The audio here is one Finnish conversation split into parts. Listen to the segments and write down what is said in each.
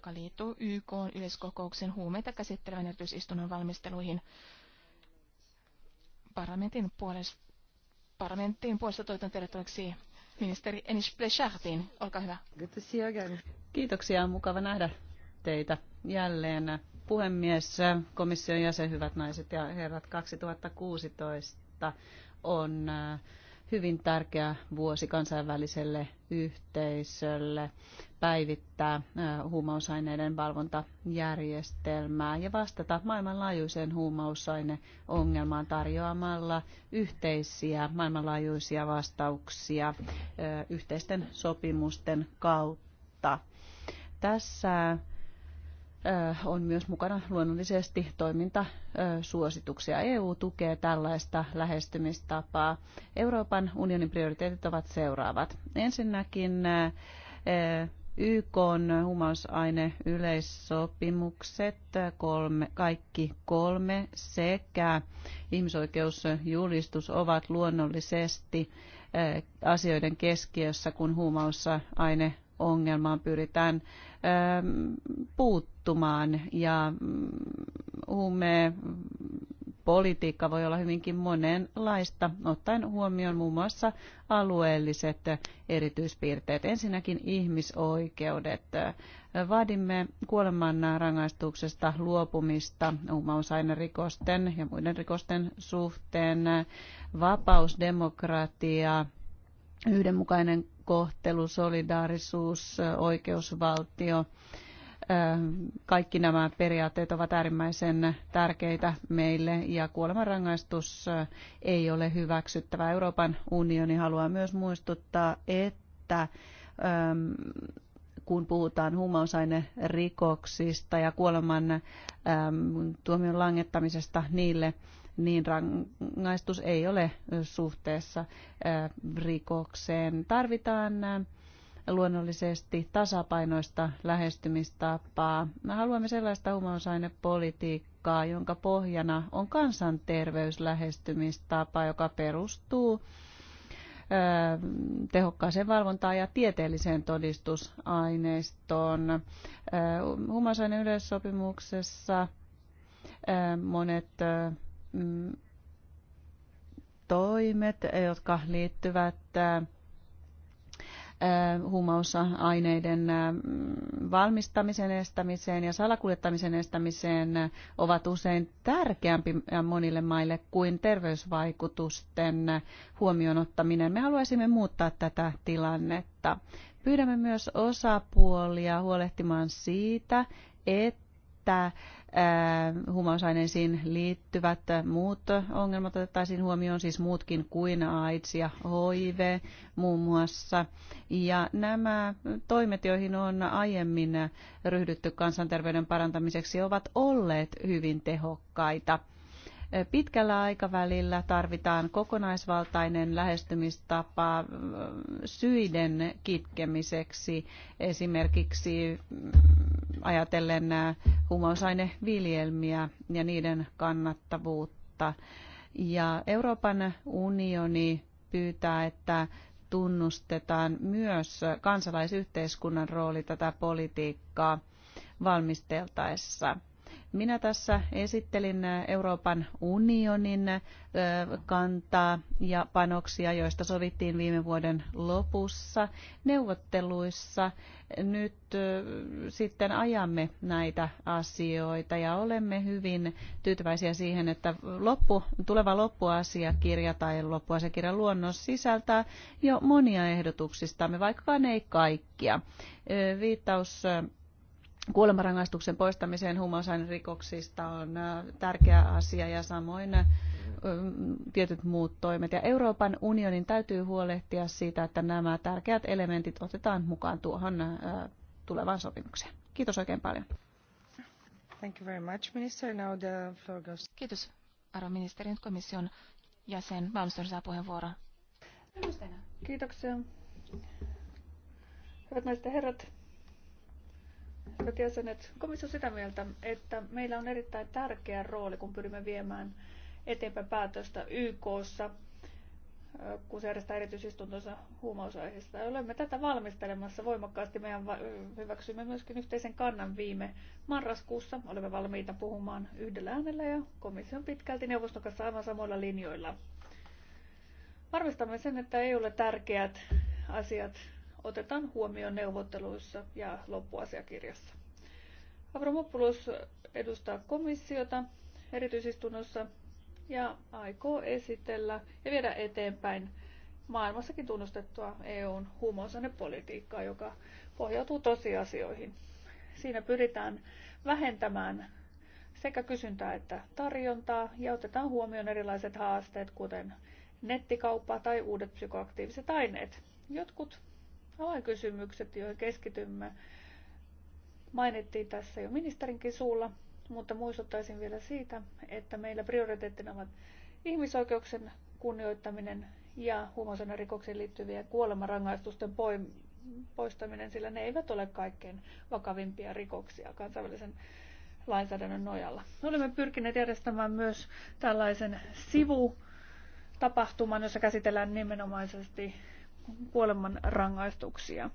joka liittyy YK yleiskokouksen huumeita käsittelevän erityisistunnon valmisteluihin. Parlamentin puolesta, parlamentin puolesta toivotan tervetulleeksi ministeri Enis Blechardin. Olkaa hyvä. Kiitoksia, mukava nähdä teitä jälleen. Puhemies, komission jäsen, hyvät naiset ja herrat, 2016 on äh, hyvin tärkeä vuosi kansainväliselle yhteisölle päivittää huumausaineiden valvontajärjestelmää ja vastata maailmanlaajuiseen huumausaineongelmaan tarjoamalla yhteisiä maailmanlaajuisia vastauksia yhteisten sopimusten kautta. Tässä on myös mukana luonnollisesti toimintasuosituksia. EU tukee tällaista lähestymistapaa. Euroopan unionin prioriteetit ovat seuraavat. Ensinnäkin YK on humausaine yleissopimukset, kolme, kaikki kolme sekä ihmisoikeusjulistus ovat luonnollisesti asioiden keskiössä, kun huumausaine ongelmaan pyritään ähm, puuttumaan ja mm, huume politiikka voi olla hyvinkin monenlaista, ottaen huomioon muun muassa alueelliset erityispiirteet. Ensinnäkin ihmisoikeudet. Vaadimme kuoleman rangaistuksesta luopumista rikosten ja muiden rikosten suhteen, vapaus, demokratia, yhdenmukainen kohtelu, solidaarisuus, oikeusvaltio, äh, kaikki nämä periaatteet ovat äärimmäisen tärkeitä meille ja kuolemanrangaistus äh, ei ole hyväksyttävä. Euroopan unioni haluaa myös muistuttaa, että ähm, kun puhutaan huumausainerikoksista ja kuoleman ähm, tuomion langettamisesta niille, niin rangaistus ei ole suhteessa äh, rikokseen. Tarvitaan äh, luonnollisesti tasapainoista lähestymistapaa. Me haluamme sellaista huumausainepolitiikkaa, jonka pohjana on kansanterveyslähestymistapa, joka perustuu äh, tehokkaaseen valvontaan ja tieteelliseen todistusaineistoon. Huumausaineyleissopimuksessa monet toimet, jotka liittyvät äh, äh, huumausaineiden äh, valmistamisen estämiseen ja salakuljettamisen estämiseen ovat usein tärkeämpi monille maille kuin terveysvaikutusten huomioon ottaminen. Me haluaisimme muuttaa tätä tilannetta. Pyydämme myös osapuolia huolehtimaan siitä, että että äh, huumausaineisiin liittyvät muut ongelmat otettaisiin huomioon, siis muutkin kuin AIDS ja HIV muun muassa. Ja nämä toimet, joihin on aiemmin ryhdytty kansanterveyden parantamiseksi, ovat olleet hyvin tehokkaita. Pitkällä aikavälillä tarvitaan kokonaisvaltainen lähestymistapa äh, syiden kitkemiseksi, esimerkiksi ajatellen äh, huumausaineviljelmiä ja niiden kannattavuutta. Ja Euroopan unioni pyytää, että tunnustetaan myös kansalaisyhteiskunnan rooli tätä politiikkaa valmisteltaessa – minä tässä esittelin Euroopan unionin kantaa ja panoksia, joista sovittiin viime vuoden lopussa neuvotteluissa. Nyt sitten ajamme näitä asioita ja olemme hyvin tyytyväisiä siihen, että loppu, tuleva loppuasiakirja tai loppuasiakirjan luonnos sisältää jo monia ehdotuksistamme, vaikka ne ei kaikkia. Viittaus kuolemanrangaistuksen poistamiseen rikoksista on äh, tärkeä asia ja samoin äh, tietyt muut toimet. Ja Euroopan unionin täytyy huolehtia siitä, että nämä tärkeät elementit otetaan mukaan tuohon äh, tulevaan sopimukseen. Kiitos oikein paljon. Thank you very much, minister. Now the floor goes... Kiitos, arvoministeri. Nyt komission jäsen Malmström saa puheenvuoron. Kiitoksia. Hyvät naiset ja herrat, jäsenet, komissio on sitä mieltä, että meillä on erittäin tärkeä rooli, kun pyrimme viemään eteenpäin päätöstä YKssa, kun se järjestää erityisistuntonsa huumausaiheesta. Olemme tätä valmistelemassa voimakkaasti. Meidän hyväksymme myöskin yhteisen kannan viime marraskuussa. Olemme valmiita puhumaan yhdellä äänellä ja komission pitkälti neuvoston kanssa aivan samoilla linjoilla. Varmistamme sen, että EUlle tärkeät asiat otetaan huomioon neuvotteluissa ja loppuasiakirjassa. Avramopoulos edustaa komissiota erityisistunnossa ja aikoo esitellä ja viedä eteenpäin maailmassakin tunnustettua EUn huumausainepolitiikkaa, joka pohjautuu tosiasioihin. Siinä pyritään vähentämään sekä kysyntää että tarjontaa ja otetaan huomioon erilaiset haasteet, kuten nettikauppa tai uudet psykoaktiiviset aineet. Jotkut avainkysymykset, joihin keskitymme, mainittiin tässä jo ministerinkin suulla, mutta muistuttaisin vielä siitä, että meillä prioriteettina ovat ihmisoikeuksien kunnioittaminen ja rikoksiin liittyvien kuolemanrangaistusten poistaminen, sillä ne eivät ole kaikkein vakavimpia rikoksia kansainvälisen lainsäädännön nojalla. Olemme pyrkineet järjestämään myös tällaisen sivu tapahtuman, jossa käsitellään nimenomaisesti kuoleman rangaistuksia.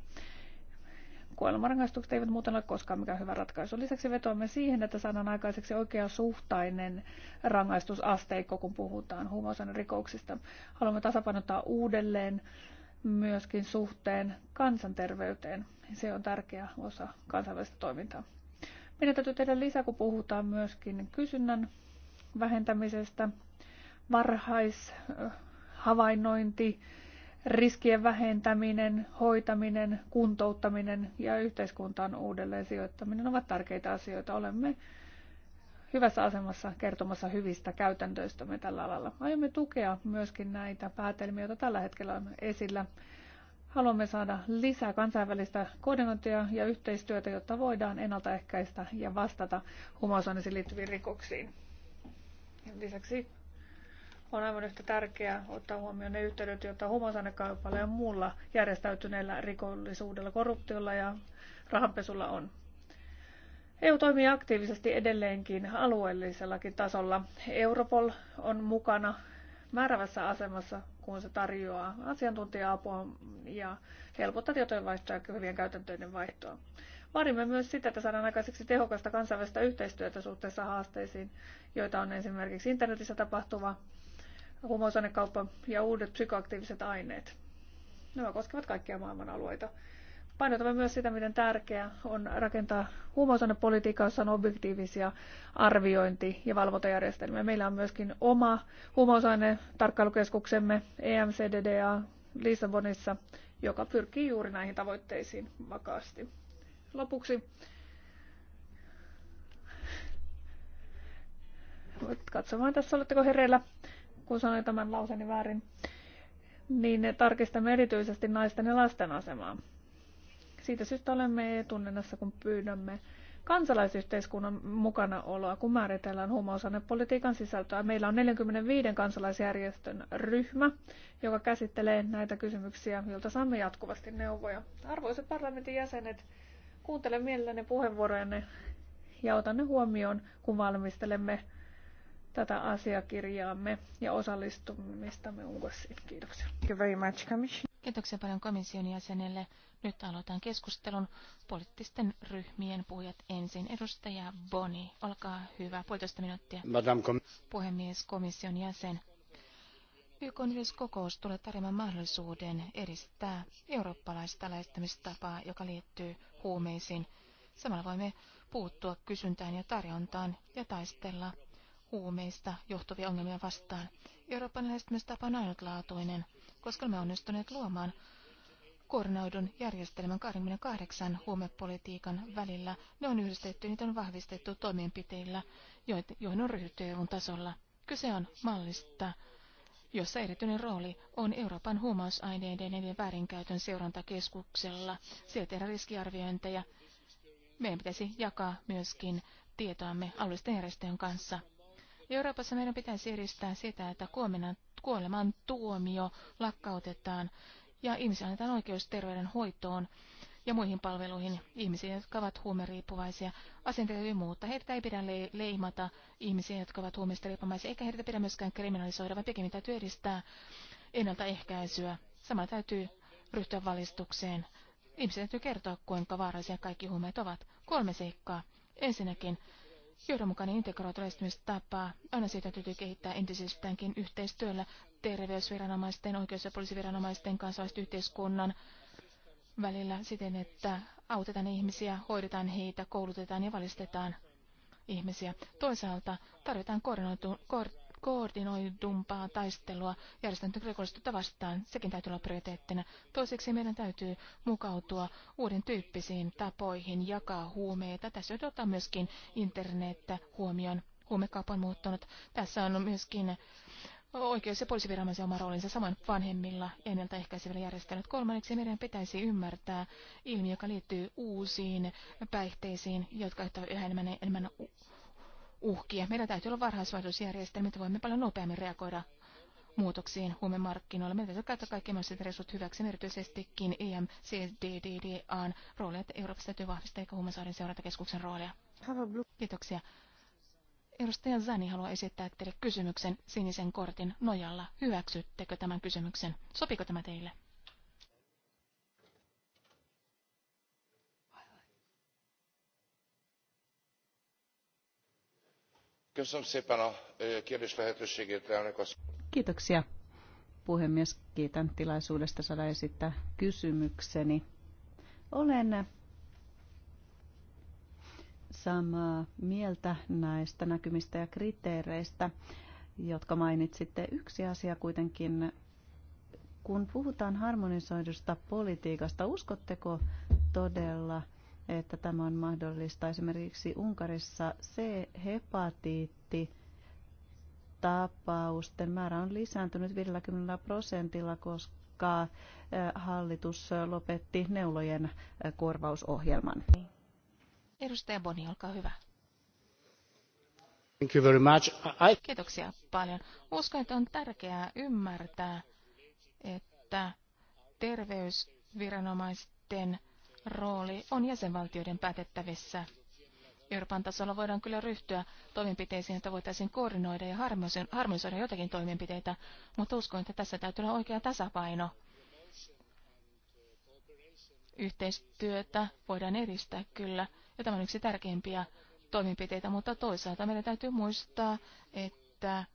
Kuolemanrangaistukset eivät muuten ole koskaan mikään hyvä ratkaisu. Lisäksi vetoamme siihen, että saadaan aikaiseksi oikeasuhtainen rangaistusasteikko, kun puhutaan rikoksista. Haluamme tasapainottaa uudelleen myöskin suhteen kansanterveyteen. Se on tärkeä osa kansainvälistä toimintaa. Meidän täytyy tehdä lisää, kun puhutaan myöskin kysynnän vähentämisestä, varhaishavainnointi, riskien vähentäminen, hoitaminen, kuntouttaminen ja yhteiskuntaan uudelleen sijoittaminen ovat tärkeitä asioita. Olemme hyvässä asemassa kertomassa hyvistä käytännöistämme tällä alalla. Aiomme tukea myöskin näitä päätelmiä, joita tällä hetkellä on esillä. Haluamme saada lisää kansainvälistä koordinointia ja yhteistyötä, jotta voidaan ennaltaehkäistä ja vastata huumausainesiin liittyviin rikoksiin. Lisäksi on aivan yhtä tärkeää ottaa huomioon ne yhteydet, joita huumausainekaupalla ja muulla järjestäytyneellä rikollisuudella, korruptiolla ja rahanpesulla on. EU toimii aktiivisesti edelleenkin alueellisellakin tasolla. Europol on mukana määrävässä asemassa, kun se tarjoaa asiantuntija-apua ja helpottaa tietojenvaihtoa ja hyvien käytäntöiden vaihtoa. Vaadimme myös sitä, että saadaan aikaiseksi tehokasta kansainvälistä yhteistyötä suhteessa haasteisiin, joita on esimerkiksi internetissä tapahtuva huumausainekauppa ja uudet psykoaktiiviset aineet. Nämä koskevat kaikkia maailman alueita. Painotamme myös sitä, miten tärkeää on rakentaa huumausainepolitiikkaa, jossa on objektiivisia arviointi- ja valvontajärjestelmiä. Meillä on myöskin oma huumausainetarkkailukeskuksemme EMCDDA Lissabonissa, joka pyrkii juuri näihin tavoitteisiin vakaasti. Lopuksi katsomaan tässä, oletteko hereillä kun sanoin tämän lauseni väärin, niin tarkistamme erityisesti naisten ja lasten asemaa. Siitä syystä olemme etunenässä, kun pyydämme kansalaisyhteiskunnan mukanaoloa, kun määritellään huumausainepolitiikan sisältöä. Meillä on 45 kansalaisjärjestön ryhmä, joka käsittelee näitä kysymyksiä, joilta saamme jatkuvasti neuvoja. Arvoisat parlamentin jäsenet, kuuntele mielelläni puheenvuorojanne ja otan ne huomioon, kun valmistelemme tätä asiakirjaamme ja osallistumistamme UNCOSiin. Kiitoksia. Thank you very much, Kiitoksia paljon komission jäsenelle. Nyt aloitan keskustelun poliittisten ryhmien puhujat ensin. Edustaja Boni, olkaa hyvä, puolitoista minuuttia. Madame kom- Puhemies, komission jäsen. YK kokous tulee tarjoamaan mahdollisuuden edistää eurooppalaista lähestymistapaa, joka liittyy huumeisiin. Samalla voimme puuttua kysyntään ja tarjontaan ja taistella huumeista johtuvia ongelmia vastaan. Euroopan lähestymistapa on ainutlaatuinen, koska me onnistuneet luomaan koordinoidun järjestelmän 28 huumepolitiikan välillä. Ne on yhdistetty, niitä on vahvistettu toimenpiteillä, joihin on ryhdytty EUn tasolla. Kyse on mallista, jossa erityinen rooli on Euroopan huumausaineiden ja väärinkäytön seurantakeskuksella. Siellä tehdään riskiarviointeja. Meidän pitäisi jakaa myöskin tietoamme alueellisten järjestöjen kanssa. Euroopassa meidän pitäisi edistää sitä, että kuoleman tuomio lakkautetaan ja ihmisiä, annetaan oikeus terveydenhoitoon ja muihin palveluihin ihmisiä, jotka ovat huumeriippuvaisia. Asenteita ja muuta. Heitä ei pidä leimata ihmisiä, jotka ovat huumeista riippuvaisia, eikä heitä pidä myöskään kriminalisoida, vaan pikemmin täytyy edistää ennaltaehkäisyä. Samalla täytyy ryhtyä valistukseen. Ihmisiä täytyy kertoa, kuinka vaarallisia kaikki huumeet ovat. Kolme seikkaa. Ensinnäkin johdonmukainen integroitu lähestymistapa. on siitä täytyy kehittää entisestäänkin yhteistyöllä terveysviranomaisten, oikeus- ja poliisiviranomaisten, yhteiskunnan välillä siten, että autetaan ihmisiä, hoidetaan heitä, koulutetaan ja valistetaan ihmisiä. Toisaalta tarvitaan koordinoitu, koordinoidumpaa taistelua järjestänyt rikollisuutta vastaan. Sekin täytyy olla prioriteettina. Toiseksi meidän täytyy mukautua uuden tyyppisiin tapoihin jakaa huumeita. Tässä otetaan myöskin internettä huomioon. Huumekauppa on muuttunut. Tässä on myöskin oikeus- ja poliisiviranomaisen oma roolinsa saman vanhemmilla ennaltaehkäisevillä järjestelmillä. Kolmanneksi meidän pitäisi ymmärtää ilmiö, joka liittyy uusiin päihteisiin, jotka ovat yhä enemmän, enemmän uhkia. Meillä täytyy olla varhaisvaihdusjärjestelmä, että voimme paljon nopeammin reagoida muutoksiin huumemarkkinoilla. Meidän täytyy käyttää kaikki mahdolliset resurssit hyväksi, erityisestikin EMCDDDAn roolia, että Euroopassa täytyy vahvistaa eikä huumasaaren seurantakeskuksen roolia. Kiitoksia. Edustaja Zani haluaa esittää teille kysymyksen sinisen kortin nojalla. Hyväksyttekö tämän kysymyksen? Sopiko tämä teille? Kiitoksia puhemies. Kiitän tilaisuudesta saada esittää kysymykseni. Olen samaa mieltä näistä näkymistä ja kriteereistä, jotka mainitsitte. Yksi asia kuitenkin, kun puhutaan harmonisoidusta politiikasta, uskotteko todella – että tämä on mahdollista. Esimerkiksi Unkarissa C-hepatiitti tapausten määrä on lisääntynyt 50 prosentilla, koska eh, hallitus lopetti neulojen eh, korvausohjelman. Edustaja Boni, olkaa hyvä. Thank you very much. I... Kiitoksia paljon. Uskon, että on tärkeää ymmärtää, että terveysviranomaisten rooli on jäsenvaltioiden päätettävissä. Euroopan tasolla voidaan kyllä ryhtyä toimenpiteisiin, että voitaisiin koordinoida ja harmonisoida jotakin toimenpiteitä, mutta uskon, että tässä täytyy olla oikea tasapaino. Yhteistyötä voidaan edistää kyllä, ja tämä on yksi tärkeimpiä toimenpiteitä, mutta toisaalta meidän täytyy muistaa, että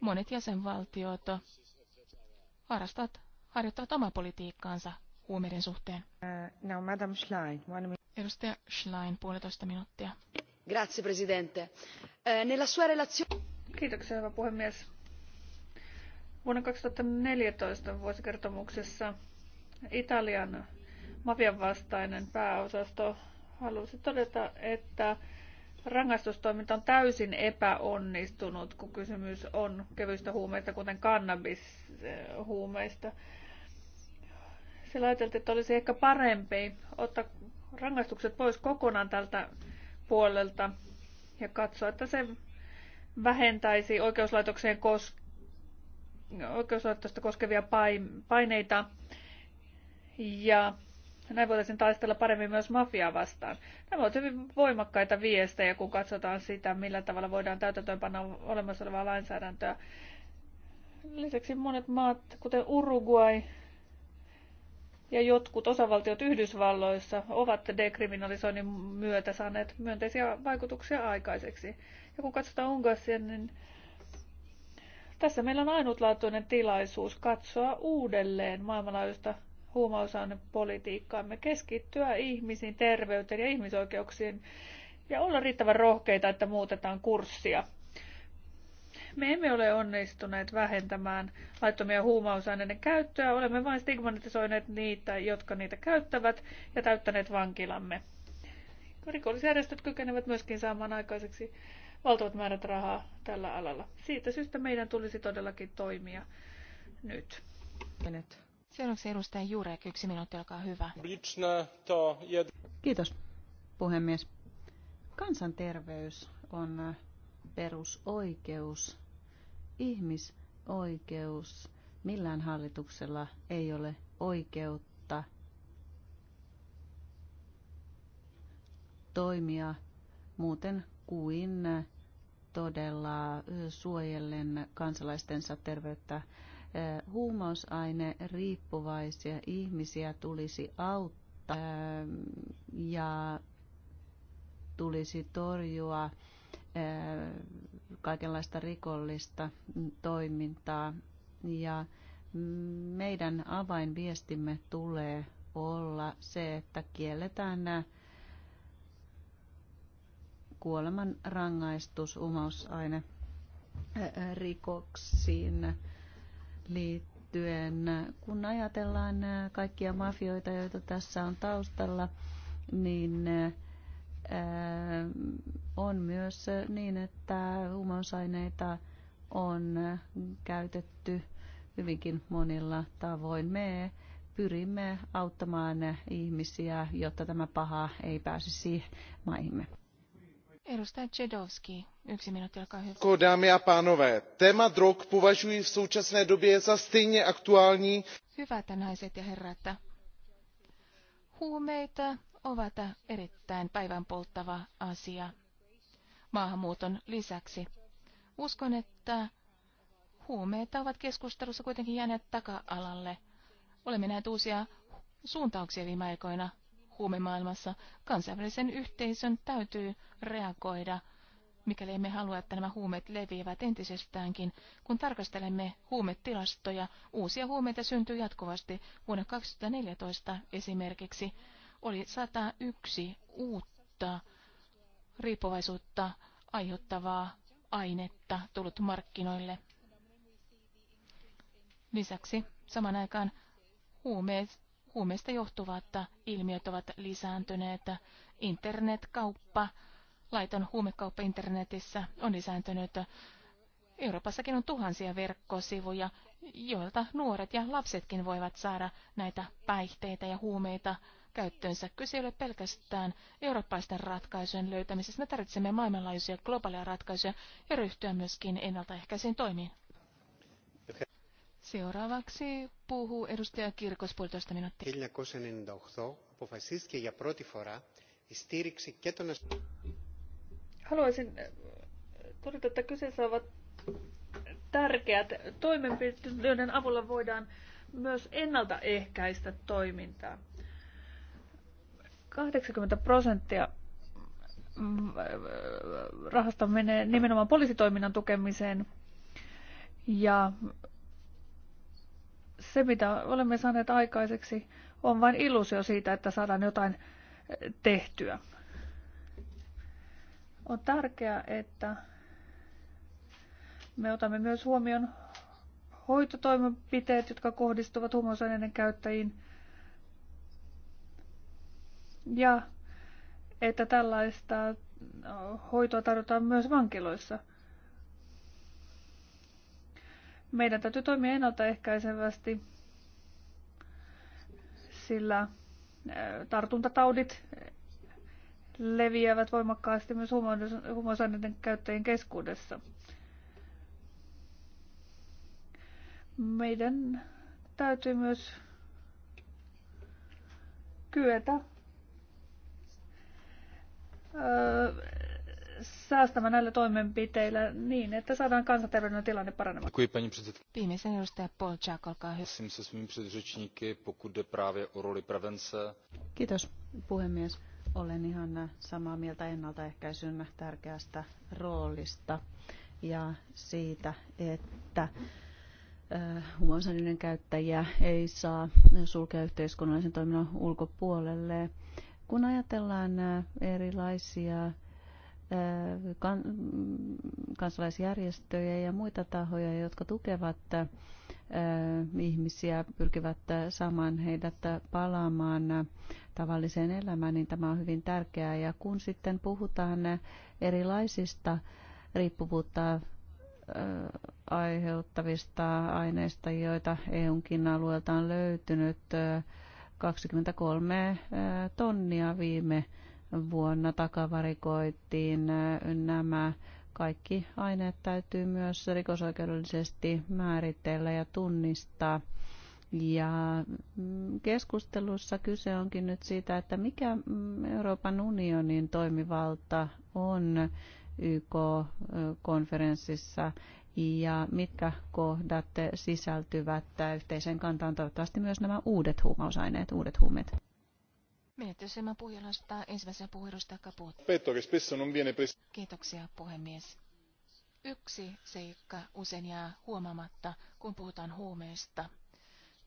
monet jäsenvaltiot harrastavat, harjoittavat omaa politiikkaansa huumeiden suhteen. Uh, now, Schlein, one Edustaja Schlein, puolitoista minuuttia. Grazie, Presidente. Eh, nella sua relazione... Kiitoksia, hyvä puhemies. Vuonna 2014 vuosikertomuksessa Italian mafian vastainen pääosasto halusi todeta, että rangaistustoiminta on täysin epäonnistunut, kun kysymys on kevyistä huumeista, kuten kannabishuumeista. Eh, sillä ajateltiin, että olisi ehkä parempi ottaa rangaistukset pois kokonaan tältä puolelta ja katsoa, että se vähentäisi oikeuslaitokseen kos- oikeuslaitosta koskevia paineita ja näin voitaisiin taistella paremmin myös mafiaa vastaan. Nämä ovat hyvin voimakkaita viestejä, kun katsotaan sitä, millä tavalla voidaan täytäntöönpanna olemassa olevaa lainsäädäntöä. Lisäksi monet maat, kuten Uruguay, ja jotkut osavaltiot Yhdysvalloissa ovat dekriminalisoinnin myötä saaneet myönteisiä vaikutuksia aikaiseksi. Ja kun katsotaan Unkaria, niin tässä meillä on ainutlaatuinen tilaisuus katsoa uudelleen maailmanlaajuista huumausainepolitiikkaamme, keskittyä ihmisiin, terveyteen ja ihmisoikeuksiin ja olla riittävän rohkeita, että muutetaan kurssia. Me emme ole onnistuneet vähentämään laittomia huumausaineiden käyttöä, olemme vain stigmatisoineet niitä, jotka niitä käyttävät ja täyttäneet vankilamme. Rikollisjärjestöt kykenevät myöskin saamaan aikaiseksi valtavat määrät rahaa tällä alalla. Siitä syystä meidän tulisi todellakin toimia nyt. Nyt. Seuraavaksi edustaja Jurek, yksi minuutti, olkaa hyvä. Kiitos, puhemies. Kansanterveys on perusoikeus ihmisoikeus. Millään hallituksella ei ole oikeutta toimia muuten kuin todella suojellen kansalaistensa terveyttä. Eh, huumausaine riippuvaisia ihmisiä tulisi auttaa eh, ja tulisi torjua eh, kaikenlaista rikollista toimintaa. Ja meidän avainviestimme tulee olla se, että kielletään nämä kuoleman rangaistus umausaine rikoksiin liittyen. Kun ajatellaan kaikkia mafioita, joita tässä on taustalla, niin on myös niin, että huumausaineita on käytetty hyvinkin monilla tavoin. Me pyrimme auttamaan ihmisiä, jotta tämä paha ei pääsisi maihimme. Edustaja Čedovský, yksi minuutti, olkaa hyvä. Dámy a pánové, téma drog považuji v současné době za stejně aktuální. Hyvät naiset ja herrat, huumeita ovat erittäin päivänpolttava asia maahanmuuton lisäksi. Uskon, että huumeet ovat keskustelussa kuitenkin jääneet taka-alalle. Olemme näet uusia suuntauksia viime aikoina huumemaailmassa. Kansainvälisen yhteisön täytyy reagoida, mikäli emme halua, että nämä huumeet leviävät entisestäänkin. Kun tarkastelemme huumetilastoja, uusia huumeita syntyy jatkuvasti. Vuonna 2014 esimerkiksi oli 101 uutta riippuvaisuutta aiheuttavaa ainetta tullut markkinoille. Lisäksi saman aikaan huumeet, huumeista johtuvat ilmiöt ovat lisääntyneet. Internetkauppa, laiton huumekauppa internetissä on lisääntynyt. Euroopassakin on tuhansia verkkosivuja, joilta nuoret ja lapsetkin voivat saada näitä päihteitä ja huumeita käyttöönsä. Kyse ei ole pelkästään eurooppaisten ratkaisujen löytämisestä. Me tarvitsemme maailmanlaajuisia globaaleja ratkaisuja ja ryhtyä myöskin ennaltaehkäisiin toimiin. Seuraavaksi puhuu edustaja Kirkos puolitoista minuuttia. 1998 Haluaisin äh, todeta, että kyseessä ovat tärkeät toimenpiteet, joiden avulla voidaan myös ennaltaehkäistä toimintaa. 80 prosenttia rahasta menee nimenomaan poliisitoiminnan tukemiseen. Ja se, mitä olemme saaneet aikaiseksi, on vain illusio siitä, että saadaan jotain tehtyä. On tärkeää, että me otamme myös huomioon hoitotoimenpiteet, jotka kohdistuvat huumausaineiden käyttäjiin – ja että tällaista hoitoa tarjotaan myös vankiloissa. Meidän täytyy toimia ennaltaehkäisevästi, sillä tartuntataudit leviävät voimakkaasti myös huumausaineiden käyttäjien keskuudessa. Meidän täytyy myös kyetä säästämään näillä toimenpiteillä niin, että saadaan kansanterveyden tilanne paranemaan. Viimeisen edustaja Paul Jack, olkaa hyvä. se svými předřečníky, pokud jde právě o roli prevence. Kiitos puhemies. Olen ihan samaa mieltä ennaltaehkäisyn tärkeästä roolista ja siitä, että huumausaineiden käyttäjiä ei saa sulkea yhteiskunnallisen toiminnan ulkopuolelle. Kun ajatellaan erilaisia kansalaisjärjestöjä ja muita tahoja, jotka tukevat ihmisiä, pyrkivät saamaan heidät palaamaan tavalliseen elämään, niin tämä on hyvin tärkeää. Ja kun sitten puhutaan erilaisista riippuvuutta aiheuttavista aineista, joita EUnkin alueelta on löytynyt, 23 äh, tonnia viime vuonna takavarikoittiin. Nämä kaikki aineet täytyy myös rikosoikeudellisesti määritellä ja tunnistaa. Ja mm, keskustelussa kyse onkin nyt siitä, että mikä mm, Euroopan unionin toimivalta on YK-konferenssissa ja mitkä kohdat sisältyvät yhteiseen kantaan toivottavasti myös nämä uudet huumausaineet, uudet huumeet. Menetys ilman puhujalasta ensimmäisenä puheenjohtaja Kaput. Kiitoksia puhemies. Yksi seikka usein jää huomaamatta, kun puhutaan huumeista.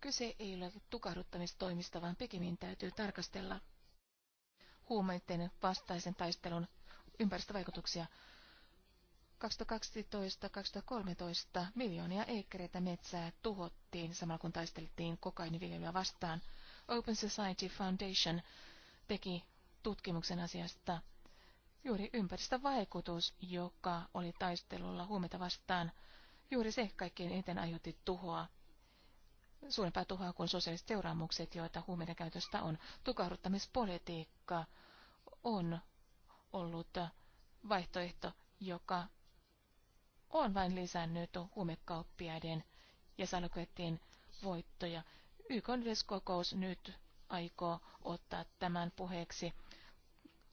Kyse ei ole tukahduttamistoimista, vaan pikemmin täytyy tarkastella huumeiden vastaisen taistelun ympäristövaikutuksia. 2012-2013 miljoonia eikkereitä metsää tuhottiin samalla kun taisteltiin kokainiviljelyä vastaan. Open Society Foundation teki tutkimuksen asiasta juuri ympäristövaikutus, joka oli taistelulla huumeita vastaan. Juuri se kaikkein eniten aiheutti tuhoa. Suurempaa tuhoa kuin sosiaaliset seuraamukset, joita huumeiden käytöstä on. Tukahduttamispolitiikka on ollut vaihtoehto, joka on vain lisännyt huumekauppiaiden ja salakuettien voittoja. YK yleiskokous nyt aikoo ottaa tämän puheeksi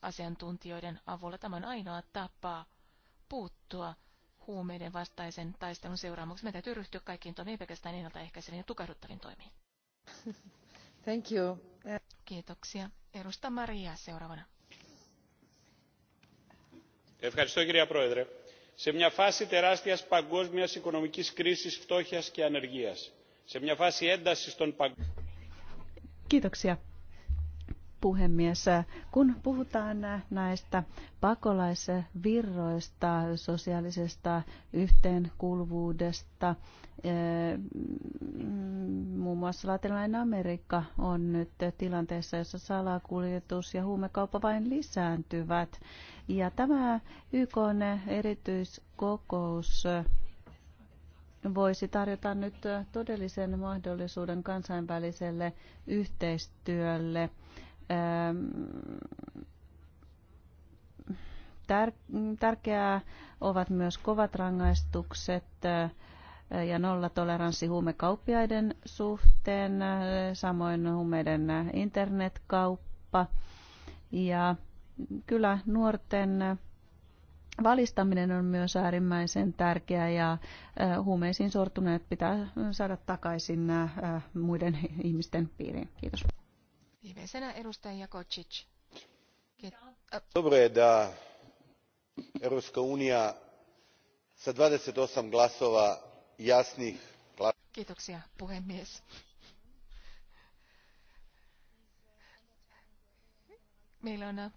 asiantuntijoiden avulla. Tämä on ainoa tapa puuttua huumeiden vastaisen taistelun seuraamuksi. Meidän täytyy ryhtyä kaikkiin toimiin, pelkästään ennaltaehkäiseviin ja tukahduttaviin toimiin. Thank you. Kiitoksia. Edusta Maria seuraavana. Kiitos, kirja σε μια φάση τεράστιας παγκόσμιας οικονομικής κρίσης, φτώχειας και ανεργίας. Σε μια φάση έντασης των παγκόσμιων... Kiitoksia puhemies. Kun puhutaan näistä pakolaisvirroista, sosiaalisesta yhteenkuuluvuudesta, eh, muun muassa Latinalainen Amerikka on nyt tilanteessa, jossa salakuljetus ja huumekauppa vain lisääntyvät. Ja tämä YK erityiskokous voisi tarjota nyt todellisen mahdollisuuden kansainväliselle yhteistyölle Ähm, tärkeää ovat myös kovat rangaistukset äh, ja nollatoleranssi huumekauppiaiden suhteen, äh, samoin huumeiden äh, internetkauppa. Ja kyllä nuorten valistaminen on myös äärimmäisen tärkeää ja huumeisiin sortuneet pitää saada takaisin muiden ihmisten piiriin. Kiitos. Viimeisenä edustaja Jakocic. Dobro je da Europska unija sa 28 glasova jasnih Kiitoksia puhemies. Meillä on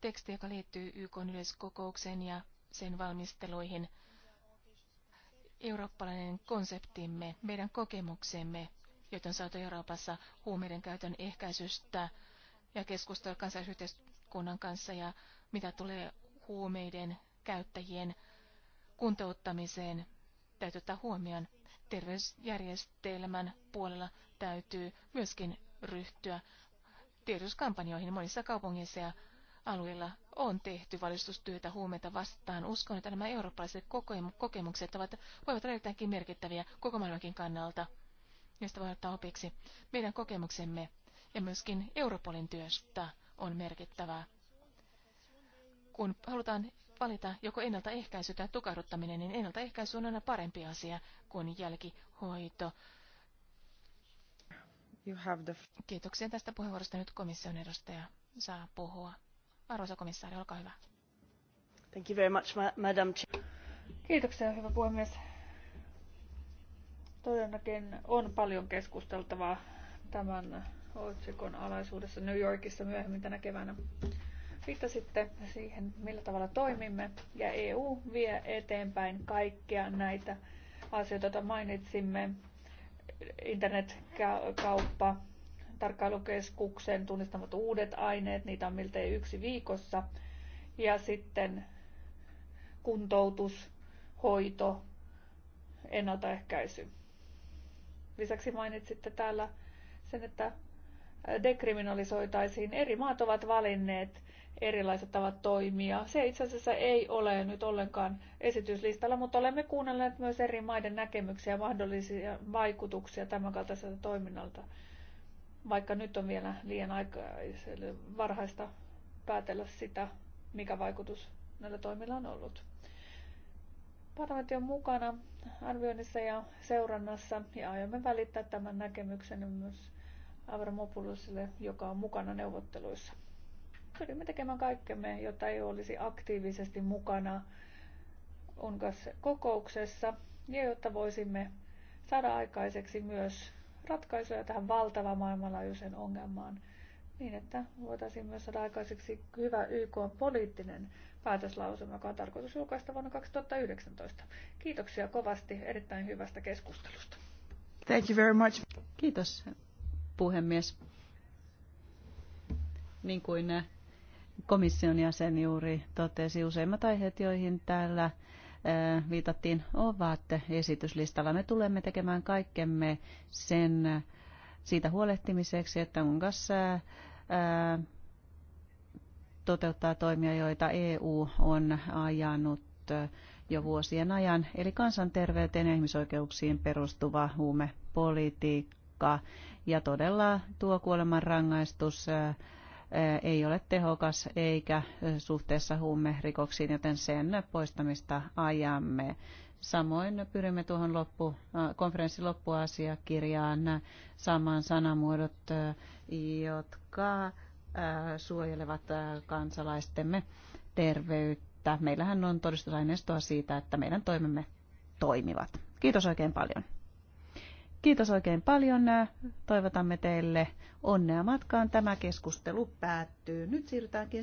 teksti, joka liittyy YK yleiskokoukseen ja sen valmisteluihin. Eurooppalainen konseptimme, meidän kokemuksemme joita saatu Euroopassa huumeiden käytön ehkäisystä ja keskustelua kansalaisyhteiskunnan kanssa ja mitä tulee huumeiden käyttäjien kuntouttamiseen täytyy ottaa huomioon. Terveysjärjestelmän puolella täytyy myöskin ryhtyä tiedotuskampanjoihin monissa kaupungeissa ja alueilla on tehty valistustyötä huumeita vastaan. Uskon, että nämä eurooppalaiset kokemukset ovat, voivat olla erittäinkin merkittäviä koko maailmankin kannalta. Niistä voi ottaa opiksi. Meidän kokemuksemme ja myöskin Europolin työstä on merkittävää. Kun halutaan valita joko ennaltaehkäisy tai tukahduttaminen, niin ennaltaehkäisy on aina parempi asia kuin jälkihoito. You have the... Kiitoksia tästä puheenvuorosta. Nyt komission edustaja saa puhua. Arvoisa komissaari, olkaa hyvä. Thank you very much, madam. Kiitoksia, hyvä puhemies. Todennäköisesti on paljon keskusteltavaa tämän otsikon alaisuudessa New Yorkissa myöhemmin tänä keväänä. Viittasitte siihen, millä tavalla toimimme, ja EU vie eteenpäin kaikkia näitä asioita, joita mainitsimme. Internetkauppa, tarkkailukeskuksen tunnistamat uudet aineet, niitä on miltei yksi viikossa. Ja sitten kuntoutus, hoito, ennaltaehkäisy. Lisäksi mainitsitte täällä sen, että dekriminalisoitaisiin. Eri maat ovat valinneet erilaiset tavat toimia. Se itse asiassa ei ole nyt ollenkaan esityslistalla, mutta olemme kuunnelleet myös eri maiden näkemyksiä ja mahdollisia vaikutuksia tämän kaltaiselta toiminnalta, vaikka nyt on vielä liian aikaiselle varhaista päätellä sitä, mikä vaikutus näillä toimilla on ollut. Parlamentti on mukana arvioinnissa ja seurannassa ja aiomme välittää tämän näkemyksen myös Avramopoulosille, joka on mukana neuvotteluissa. Pyrimme tekemään kaikkemme, jotta EU olisi aktiivisesti mukana UNCAS-kokouksessa ja jotta voisimme saada aikaiseksi myös ratkaisuja tähän valtavaan maailmanlaajuiseen ongelmaan niin, että voitaisiin myös saada aikaiseksi hyvä YK poliittinen päätöslausuma, joka on tarkoitus julkaista vuonna 2019. Kiitoksia kovasti erittäin hyvästä keskustelusta. Thank you very much. Kiitos puhemies. Niin kuin komission jäsen juuri totesi, useimmat aiheet, joihin täällä eh, viitattiin, ovat esityslistalla. Me tulemme tekemään kaikkemme sen eh, siitä huolehtimiseksi, että Unkas eh, toteuttaa toimia, joita EU on ajanut jo vuosien ajan, eli kansanterveyteen ja ihmisoikeuksiin perustuva huumepolitiikka. Ja todella tuo kuoleman rangaistus ei ole tehokas eikä suhteessa huumerikoksiin, joten sen poistamista ajamme. Samoin pyrimme tuohon loppu, konferenssin loppuasiakirjaan saamaan sanamuodot, jotka Äh, suojelevat äh, kansalaistemme terveyttä. Meillähän on todistusaineistoa siitä, että meidän toimemme toimivat. Kiitos oikein paljon. Kiitos oikein paljon. Äh, toivotamme teille onnea matkaan. Tämä keskustelu päättyy. Nyt siirrytäänkin